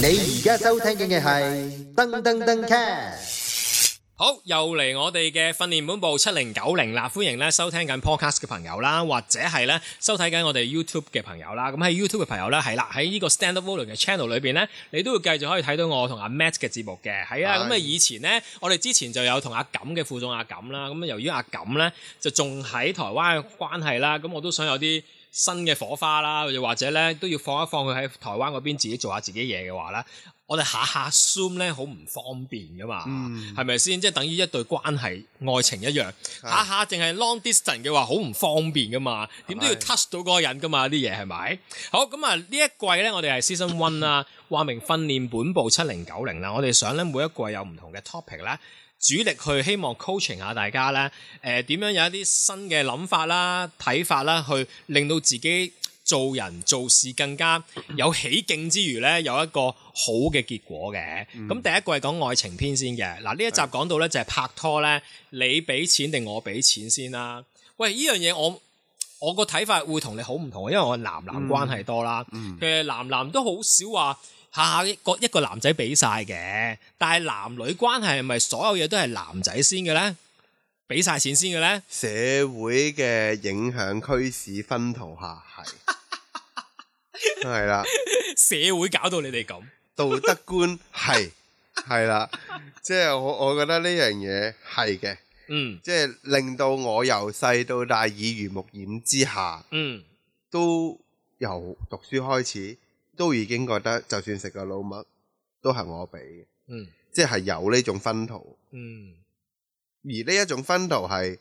你而家收聽嘅係噔噔噔 cast 好，又嚟我哋嘅訓練本部七零九零啦，歡迎咧收聽緊 podcast 嘅朋友啦，或者係咧收睇緊我哋 YouTube 嘅朋友啦。咁喺 YouTube 嘅朋友咧係啦，喺呢個 Stand Up Volun 嘅 channel 裏邊咧，你都會繼續可以睇到我同阿、啊、Matt 嘅節目嘅。係啊，咁啊的以前咧，我哋之前就有同阿錦嘅副總阿錦啦。咁由於阿錦咧就仲喺台灣嘅關係啦，咁我都想有啲新嘅火花啦，又或者咧都要放一放佢喺台灣嗰邊自己做下自己嘢嘅話啦。我哋下下 Zoom 咧好唔方便噶嘛，係咪先？即係等於一對關係、愛情一樣，是的 下下淨係 long distance 嘅話好唔方便噶嘛？點是的 都要 touch 到嗰個人噶嘛？啲嘢係咪？好咁啊！呢、嗯、一季咧，我哋係 season one 啊，話 明訓練本部七零九零啦。我哋想咧每一季有唔同嘅 topic 咧，主力去希望 coaching 下大家咧，誒、呃、點樣有一啲新嘅諗法啦、睇法啦，去令到自己。做人做事更加有起勁之馀咧，有一個好嘅結果嘅。咁、嗯、第一個係講愛情篇先嘅嗱，呢一集講到咧就係拍拖咧，你俾錢定我俾錢先啦？喂，依樣嘢我我個睇法會同你好唔同，因為我男男關係多啦，嗯嗯、其實男男都好少話下下一個男仔俾晒嘅，但係男女關係係咪所有嘢都係男仔先嘅咧？俾晒錢先嘅咧？社會嘅影響驅使分途下係。係啦，社會搞到你哋咁，道德觀係係啦，即係、 就是、我我覺得呢樣嘢係嘅，嗯，即係令到我由細到大耳濡目染之下，嗯，都由讀書開始都已經覺得就算食個老麥都係我俾嘅，嗯，即係有呢種薰陶，嗯，而呢一種薰陶係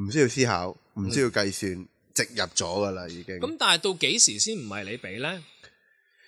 唔需要思考，唔需要計算。嗯植入咗噶啦，已經。咁、嗯、但係到幾時先唔係你俾呢？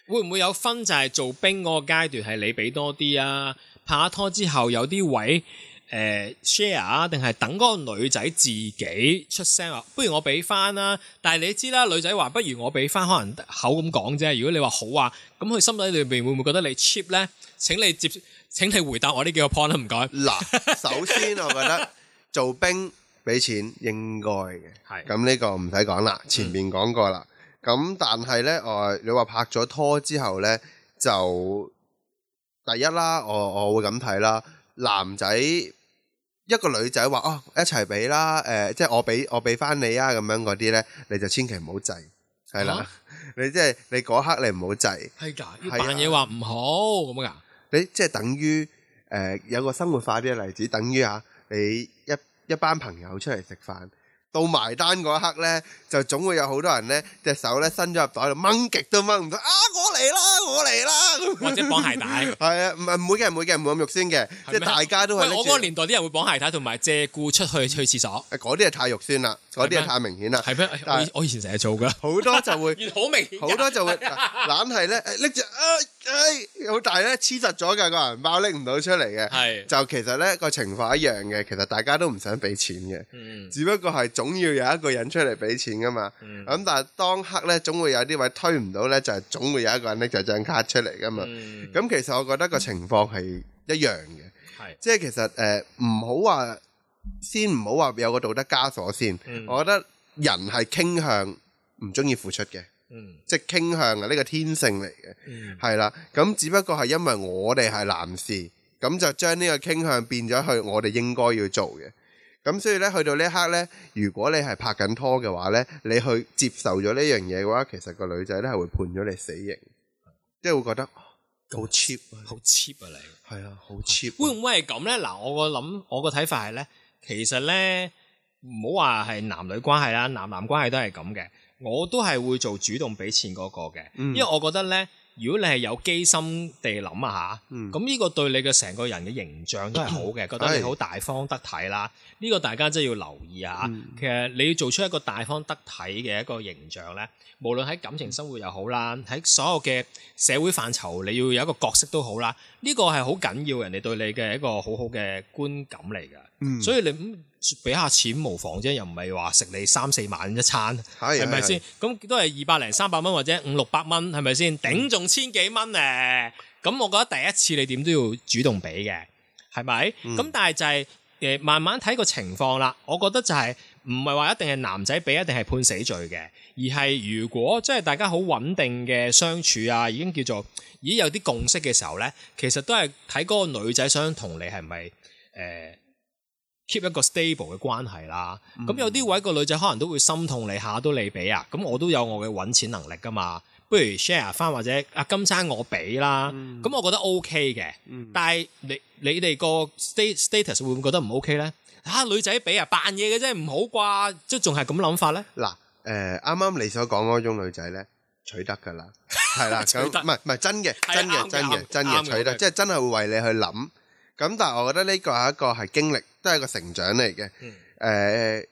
會唔會有分就係做兵嗰個階段係你俾多啲啊？拍下拖之後有啲位誒、呃、share 啊，定係等嗰個女仔自己出聲話，不如我俾翻啦。但係你知啦，女仔話不如我俾翻，可能口咁講啫。如果你話好啊，咁佢心底裏面會唔會覺得你 cheap 呢？請你接請你回答我呢幾個 point 啦，唔該。嗱，首先我覺得做兵。 俾錢應該嘅，咁呢的個唔使講啦，前面講過啦。咁、嗯、但係呢，誒、呃、你話拍咗拖之後呢，就第一啦，我我會咁睇啦。男仔一個女仔話哦，一齊俾啦，誒、呃、即係我俾我俾翻你啊，咁樣嗰啲呢，你就千祈唔好制，係啦、啊 就是，你即係你嗰刻你唔好制。係㗎的，呢樣嘢話唔好咁㗎。的你即係等於誒、呃、有個生活化啲嘅例子，等於嚇、啊、你。一班朋友出嚟食飯。到埋單嗰一刻咧，就總會有好多人咧隻手咧伸咗入袋度掹極都掹唔到，啊我嚟啦我嚟啦！或者綁鞋帶，係啊唔係唔會嘅唔會嘅唔會咁肉酸嘅，即係大家都係拎住。我嗰個年代啲人會綁鞋帶同埋借故出去去廁所，嗰啲係太肉酸啦，嗰啲係太明顯啦。係咩？但係我以前成日做㗎，好多就會好明顯，好多就會懶係咧拎住啊唉，好大咧黐實咗㗎個銀包拎唔到出嚟嘅，係就其實咧個情況一樣嘅，其實大家都唔想俾錢嘅，嗯，只不過係做。總要有一個人出嚟俾錢噶嘛，咁、嗯、但係當刻呢，總會有啲位推唔到呢，就係、是、總會有一個人拎就張卡出嚟噶嘛。咁、嗯、其實我覺得個情況係一樣嘅，嗯、即係其實唔好話先，唔好話有個道德枷鎖先。嗯、我覺得人係傾向唔中意付出嘅，嗯、即係傾向嘅呢、這個天性嚟嘅，係、嗯、啦。咁只不過係因為我哋係男士，咁就將呢個傾向變咗去我哋應該要做嘅。咁所以咧，去到呢一刻咧，如果你係拍緊拖嘅話咧，你去接受咗呢樣嘢嘅話，其實個女仔咧係會判咗你死刑，即係會覺得好 cheap，啊，啊，啊，好 cheap 啊你，係啊，好 cheap。會唔會係咁咧？嗱，我個諗，我個睇法係咧，其實咧唔好話係男女關係啦，男男關係都係咁嘅，我都係會做主動俾錢嗰個嘅，嗯、因為我覺得咧。如果你係有機心地諗啊吓，咁呢、嗯、個對你嘅成個人嘅形象都好嘅，咳咳，覺得你好大方得體啦。呢、哎、個大家真係要留意啊吓！嗯、其實你要做出一個大方得體嘅一個形象咧，無論喺感情生活又好啦，喺所有嘅社會範疇，你要有一個角色都好啦。呢個係好緊要，人哋對你嘅一個好好嘅觀感嚟㗎，嗯、所以你俾下錢無妨啫，又唔係話食你三四萬一餐，係咪先？咁是都係二百零三百蚊或者五六百蚊，係咪先？頂仲千幾蚊咧？咁我覺得第一次你點都要主動俾嘅，係咪？咁、嗯、但係就係、是、誒、呃，慢慢睇個情況啦。我覺得就係、是。唔係話一定係男仔俾，一定係判死罪嘅，而係如果即係大家好穩定嘅相處啊，已經叫做咦有啲共識嘅時候咧，其實都係睇個女仔想同你係咪誒 keep 一個 stable 嘅關係啦。咁、嗯、有啲位、個女仔可能都會心痛你下，都你俾啊，咁我都有我嘅揾錢能力噶嘛，不如 share 翻，或者啊今餐我俾啦，咁、嗯、我覺得 OK 嘅，嗯、但係你你哋個 status 會唔會覺得唔 OK 咧？吓，女仔俾啊，扮嘢嘅啫，唔好啩？即仲係咁諗法呢？嗱，誒，啱啱你所講嗰種女仔呢，取得噶啦，係啦，取得唔係唔係真嘅，真嘅真嘅真嘅取得，即係真係會為你去諗。咁但係我覺得呢個係一個係經歷，都係一個成長嚟嘅。誒，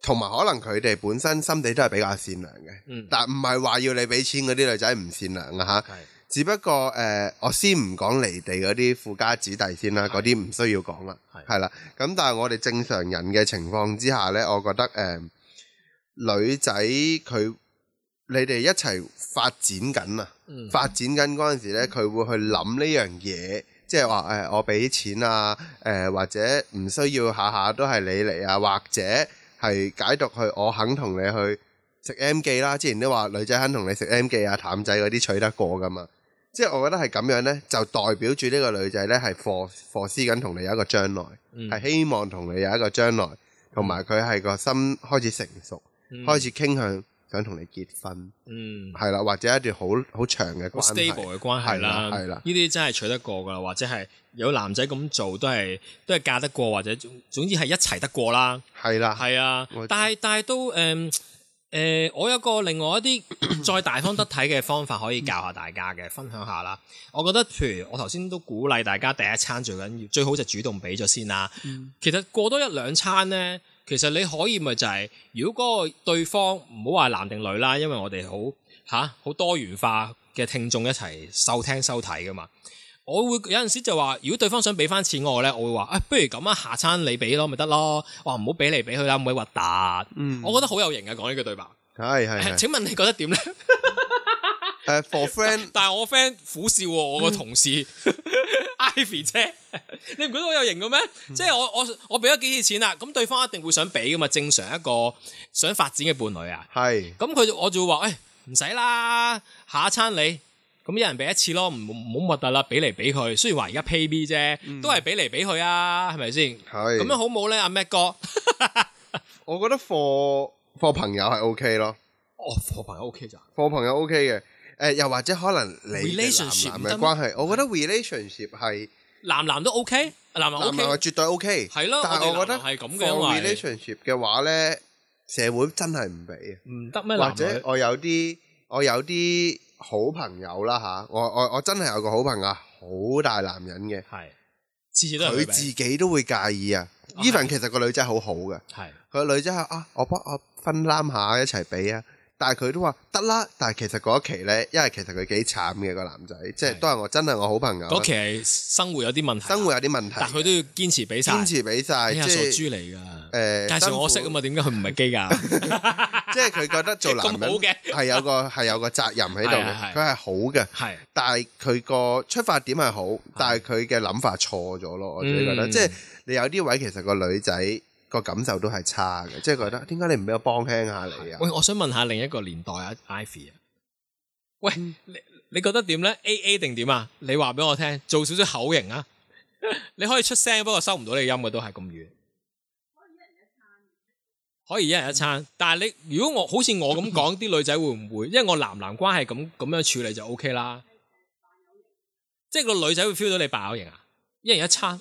同埋可能佢哋本身心地都係比較善良嘅，但唔係話要你俾錢嗰啲女仔唔善良㗎吓。只不過誒、呃，我先唔講離地嗰啲富家子弟先啦，嗰啲唔需要講啦，係啦的。咁但係我哋正常人嘅情況之下呢，我覺得誒、呃、女仔佢你哋一齊發展緊啊，嗯、發展緊嗰陣時呢，佢會去諗呢樣嘢，即係話誒我俾錢啊，誒、呃、或者唔需要下下都係你嚟啊，或者係解讀去我肯同你去食 M 記啦。之前都話女仔肯同你食 M 記啊，譚仔嗰啲娶得過㗎嘛。即係我覺得係咁樣呢，就代表住呢個女仔呢，係放放思緊同你有一個將來，係、嗯、希望同你有一個將來，同埋佢係個心開始成熟，嗯、開始傾向想同你結婚，係啦、嗯，或者一段好好長嘅嘅關係啦，係啦，呢啲的真係娶得過㗎，或者係有男仔咁做都係都係嫁得過，或者總,總之係一齊得過啦，係啦，係啊，但係都誒。呃誒、呃，我有個另外一啲再大方得體嘅方法，可以教下大家嘅、嗯、分享下啦。我覺得，譬如我頭先都鼓勵大家第一餐最緊要，最好就主動俾咗先啦。嗯、其實過多一兩餐呢，其實你可以咪就係、是，如果嗰個對方唔好話男定女啦，因為我哋好嚇好多元化嘅聽眾一齊收聽收睇㗎嘛。我會有陣時就話，如果對方想俾翻錢我咧，我會話：誒，不如咁啊，下餐你俾咯，咪得咯。哇，唔好俾嚟俾去啦，唔會核突。我覺得好有型啊，講呢句，mm. 句對白。係係。請問你覺得點咧？誒、uh，for friend。但係我 friend 苦笑喎，我個同事、mm. 哈哈 Ivy 姐，你唔覺得好有型嘅咩？Mm. 即係我我我俾咗幾次錢啦，咁對方一定會想俾噶嘛。正常一個想發展嘅伴侶啊。係。咁佢我就會話：誒、哎，唔使啦，下一餐你。咁一人俾一次咯，唔、嗯嗯、好核突啦，俾嚟俾佢。雖然話而家 pay B 啫，都係俾嚟俾佢啊，係咪先？係咁樣好唔好咧，阿 Mike 哥。 我覺得貨貨朋友係 O K 咯。哦，貨朋友 O K 咋？貨朋友 O K 嘅，誒、呃，又或者可能你嘅男男嘅關係，我覺得 relationship 係男男都 O、OK? K，男男，OK? 男，男絕對 O、OK、K。係咯了，但係我覺得係咁嘅。我 relationship 嘅話咧，為社會真係唔俾，唔得咩？或者我有啲，我有啲。好朋友啦吓？我我我真係有個好朋友，好大男人嘅，係次次都佢自己都會介意啊。Even 其實個女仔好好嘅，係佢個女仔係啊，我幫我分擔下，一齊俾啊。但係佢都話得啦。但係其實嗰一期咧，因為其實佢幾慘嘅個男仔，即係都係我真係我好朋友。嗰期係生活有啲問題，生活有啲問題，但佢都要堅持俾晒。堅持俾晒，即係傻豬嚟㗎。誒，介紹我識啊嘛，點解佢唔係機㗎？即係佢覺得做男人係 有個係有個責任喺度佢係好嘅，係。是是 但係佢個出發點係好，是是但係佢嘅諗法錯咗咯。我覺得，嗯、即係你有啲位其實個女仔個感受都係差嘅，嗯、即係覺得點解你唔俾我幫輕下你啊？喂，我想問下另一個年代啊，Ivy 啊。喂，嗯、你你覺得點咧？AA 定點啊？你話俾我聽，做少，少少口型啊。 你可以出聲，不過收唔到你音嘅都係咁遠。可以一人一餐，但係你如果我好似我咁講，啲 女仔會唔會？因為我男男關係咁咁樣處理就 O K 啦， 即係個女仔會 feel 到你爆型啊？一人一餐，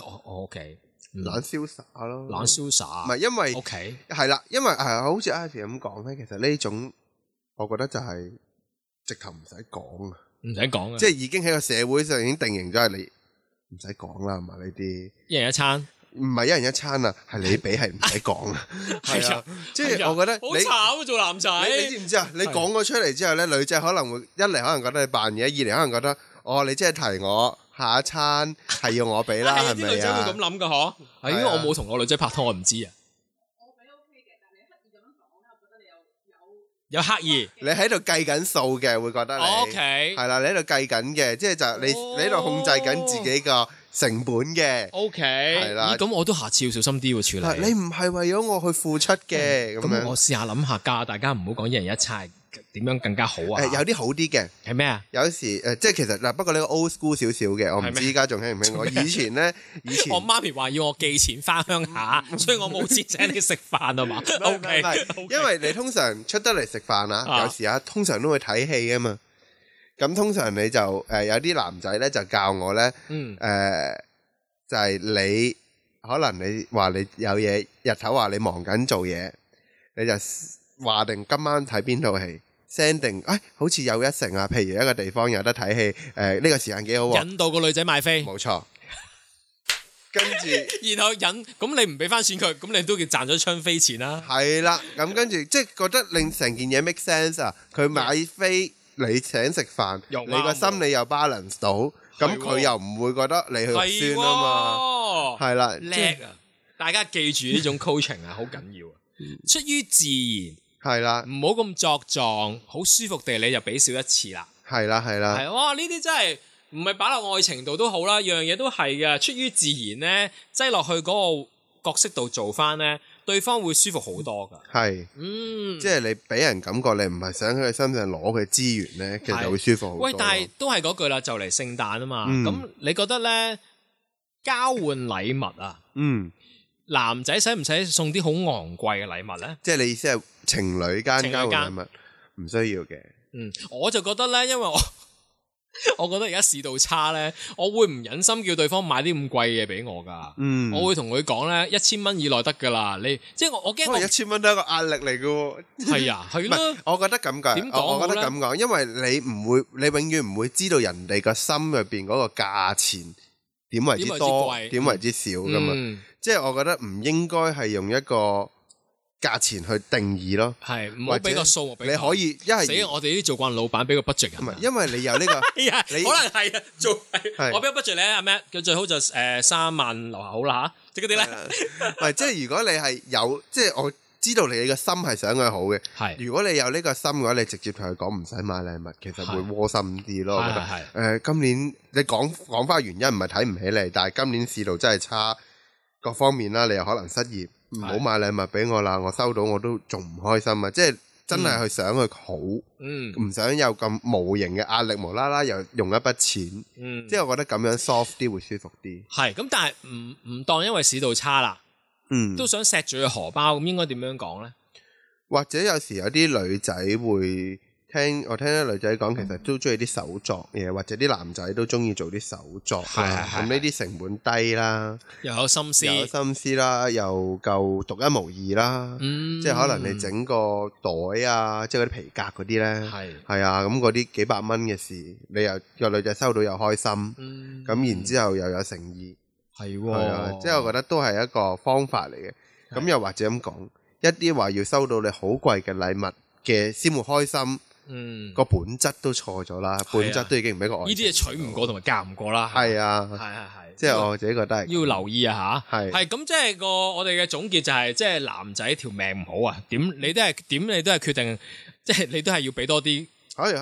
我我 O K，冷瀟灑咯，冷瀟灑，唔係因為 O K 係啦，因為係好似 Ivy 咁講咧，其實呢種我覺得就係直頭唔使講，唔使講，即係已經喺個社會上已經定型咗係你唔使講啦，係嘛呢啲一人一餐。唔係一人一餐啊，係你俾係唔使講啊，係啊，即係我覺得你慘啊做男仔，你知唔知啊？你講咗出嚟之後咧，女仔可能會一嚟可能覺得你扮嘢，二嚟可能覺得哦你即係提我下一餐係要我俾啦，係咪啊？啲女仔會咁諗噶嗬？係因為我冇同我女仔拍拖，我唔知啊。我畀 OK 嘅，但係你刻意咁樣講，覺得你有有有刻意，你喺度計緊數嘅會覺得你 OK，係啦，你喺度計緊嘅，即係就你你喺度控制緊自己個。成本嘅，O K，係啦，咁我都下次要小心啲喎處理。你唔係為咗我去付出嘅，咁我試下諗下㗎，教大家唔好講一人一餐點樣更加好啊。有啲好啲嘅，係咩啊？有時誒，即係其實嗱，不過你個 old school 少少嘅，我唔知依家仲聽唔聽我。以前咧，以前我媽咪話要我寄錢翻鄉下，所以我冇錢請你食飯啊嘛。O K，因為你通常出得嚟食飯啊，有時啊，通常都會睇戲啊嘛。咁通常你就誒、呃、有啲男仔咧就教我咧，誒、嗯呃、就係、是、你可能你話你有嘢日頭話你忙緊做嘢，你就話定今晚睇邊套戲，send 定，哎好似有一成啊，譬如一個地方有得睇戲，誒、呃、呢、這個時間幾好喎，引導個女仔買飛，冇錯， 跟住著 然後引，咁你唔俾翻錢佢、啊，咁你都叫賺咗一張飛錢啦，係啦，咁跟住即係覺得令成件嘢 make sense 啊，佢買飛。你請食飯，你個心理又 balance 到，咁佢、嗯、又唔會覺得你肉酸啊嘛，係、嗯、啦，叻啊！大家記住呢種 coaching 啊，好 緊要啊，出於自然係啦，唔好咁作狀，好、嗯、舒服地你就俾少一次、嗯、啦，係啦係啦，係哇！呢啲真係唔係擺落愛情度都好啦，樣樣嘢都係嘅，出於自然咧，擠落去嗰個角色度做翻咧。對方會舒服好多噶是，係，嗯，即係你俾人感覺你唔係想喺佢身上攞佢資源咧，是其實會舒服好多。喂，但係都係嗰句啦，就嚟聖誕啊嘛，咁、嗯、你覺得咧交換禮物啊，嗯，男仔使唔使送啲好昂貴嘅禮物咧？即係你意思係情侶間交換禮物唔需要嘅？嗯，我就覺得咧，因為我。我覺得而家市道差呢，我會唔忍心叫對方買啲咁貴嘅嘢俾我噶。嗯，我會同佢講呢一千蚊以內得噶啦。你即係我，我驚一千蚊都係一個壓力嚟噶。係 啊，唔係，我覺得咁解。點講麼我，我覺得咁講，呢因為你唔會，你永遠唔會知道人哋個心入邊嗰個價錢點為之多，點為之少噶、嗯、嘛。即係、嗯嗯、我覺得唔應該係用一個。價錢去定義咯，係唔好俾個數，你可以因為，我哋呢啲做慣老闆俾個 budget，係，因為你有呢個，可能係做，我俾個 budget 你阿咩，a，佢最好就誒三萬留下好啦吓，即嗰啲咧，係即係如果你係有，即係我知道你嘅心係想佢好嘅，係，如果你有呢個心嘅話，你直接同佢講唔使買禮物，其實會窩心啲咯，係誒，今年你講講翻原因唔係睇唔起你，但係今年市道真係差，各方面啦，你又可能失業。唔好買禮物俾我啦，我收到我都仲唔開心啊！即係真係去想佢好，嗯嗯、唔想有咁無形嘅壓力，無啦啦又用一筆錢，嗯、即係我覺得咁樣 soft 啲會舒服啲。係，咁但係唔唔當因為市道差啦，嗯，都想錫住佢荷包，咁應該點樣講呢？或者有時有啲女仔會。聽我聽啲女仔講，其實都中意啲手作嘢，或者啲男仔都中意做啲手作，係係係，咁呢啲成本低啦，又有心思，又有心思啦，又夠獨一無二啦，即係可能你整個袋啊，即係嗰啲皮革嗰啲咧，係係啊，咁嗰啲幾百蚊嘅事，你又個女仔收到又開心，咁然之後又有誠意，係喎，即係我覺得都係一個方法嚟嘅。咁又或者咁講，一啲話要收到你好貴嘅禮物嘅先會開心。嗯，個本質都錯咗啦，本質都已經唔係一呢啲嘢娶唔過，同埋嫁唔過啦。係啊，係係係，即係我自己覺得要留意啊吓，係係咁，即係個我哋嘅總結就係，即係男仔條命唔好啊，點你都係點你都係決定，即係你都係要俾多啲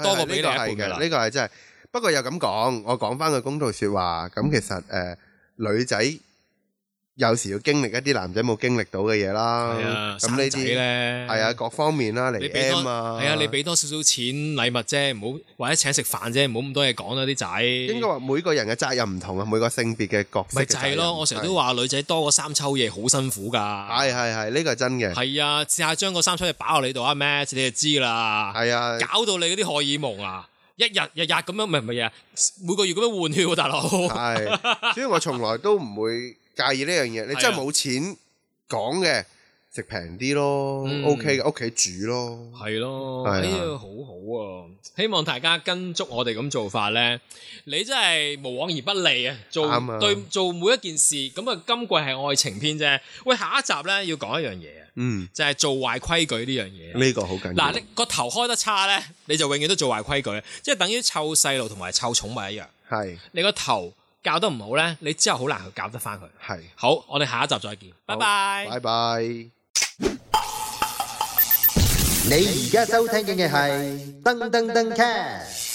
多過俾多一半嘅啦。呢個係真係。不過又咁講，我講翻個公道説話，咁其實誒女仔。有時要經歷一啲男仔冇經歷到嘅嘢啦，咁你自己咧，係啊、哎，各方面啦嚟嘅嘛，係啊，哎、你俾多少少錢禮物啫，唔好或者請食飯啫，唔好咁多嘢講啦，啲仔應該話每個人嘅責任唔同啊，每個性別嘅角色。咪就係咯，我成日都話女仔多嗰三抽嘢好辛苦㗎，係係係，呢、呢個係真嘅。係啊，試下將嗰三抽嘢擺落你度啊咩？Matt，你就知啦。係啊的，搞到你嗰啲荷爾蒙啊，一日日日咁樣，唔係唔係啊，每個月咁樣換血喎，大佬。係，所以我從來都唔會。 介意呢樣嘢，你真係冇錢講嘅，食平啲咯，嗯，OK 嘅，屋企煮咯，係咯，係啊，呢個好好啊，希望大家跟足我哋咁做法咧，你真係無往而不利啊！做對做每一件事，咁啊，今季係愛情篇啫。喂，下一集咧要講一樣嘢啊，嗯，就係做壞規矩呢樣嘢，呢個好緊要。嗱，你個頭開得差咧，你就永遠都做壞規矩，即係等於湊細路同埋湊寵物一樣。係你個頭。教得唔好咧，你之後好難搞去教得翻佢。係是，好，我哋下一集再見，拜拜，拜拜。你而家收聽緊嘅係噔噔噔 cast